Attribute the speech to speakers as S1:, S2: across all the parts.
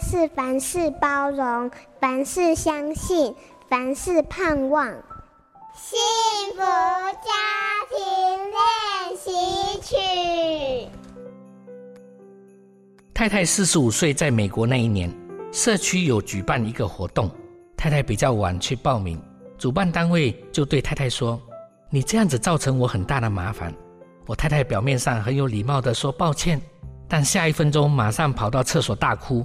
S1: 是凡事包容，凡事相信，凡事盼望。幸福家庭練習曲。
S2: 太太四十五歲，在美國那一年，社區有舉辦一個活動，太太比較晚去報名，主辦單位就對太太說：“你這樣子造成我很大的麻煩。”我太太表面上很有禮貌的說：“抱歉。”但下一分鐘，馬上跑到廁所大哭。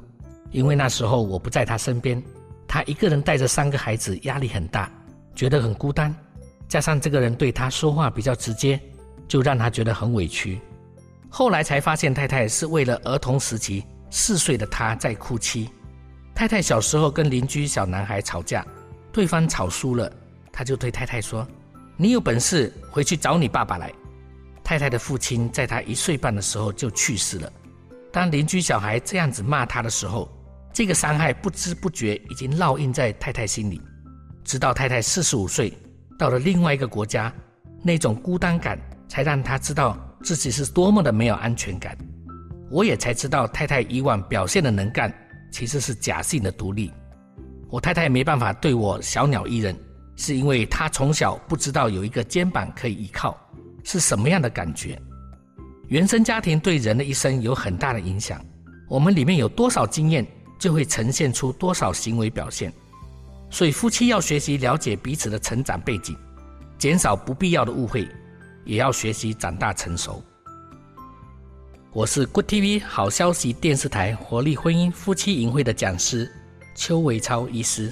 S2: 因為那時候我不在他身邊，他一個人帶着三個孩子，壓力很大，覺得很孤單。加上這個人對他說話比較直接，就讓他覺得很委屈。後來才發現，太太是為了兒童時期四歲的他在哭泣。太太小時候跟鄰居小男孩吵架，對方吵輸了，他就對太太說：“你有本事回去找你爸爸來。”太太的父親在他一歲半的時候就去世了。當鄰居小孩這樣子罵他的時候，這個傷害不知不覺已經烙印在太太心裡，直到太太四十五歲到了另外一個國家，那種孤單感才讓她知道自己是多麼的沒有安全感。我也才知道，太太以往表現的能幹其實是假性的獨立。我太太沒辦法對我小鳥依人，是因為她從小不知道有一個肩膀可以依靠是什麼樣的感覺。原生家庭對人的一生有很大的影響。我們裡面有多少經驗？就會呈現出多少行為表現，所以夫妻要學習了解彼此的成長背景，減少不必要的誤會，也要學習長大成熟。我是 Good TV 好消息電視台活力婚姻夫妻營會的講師，邱維超醫師。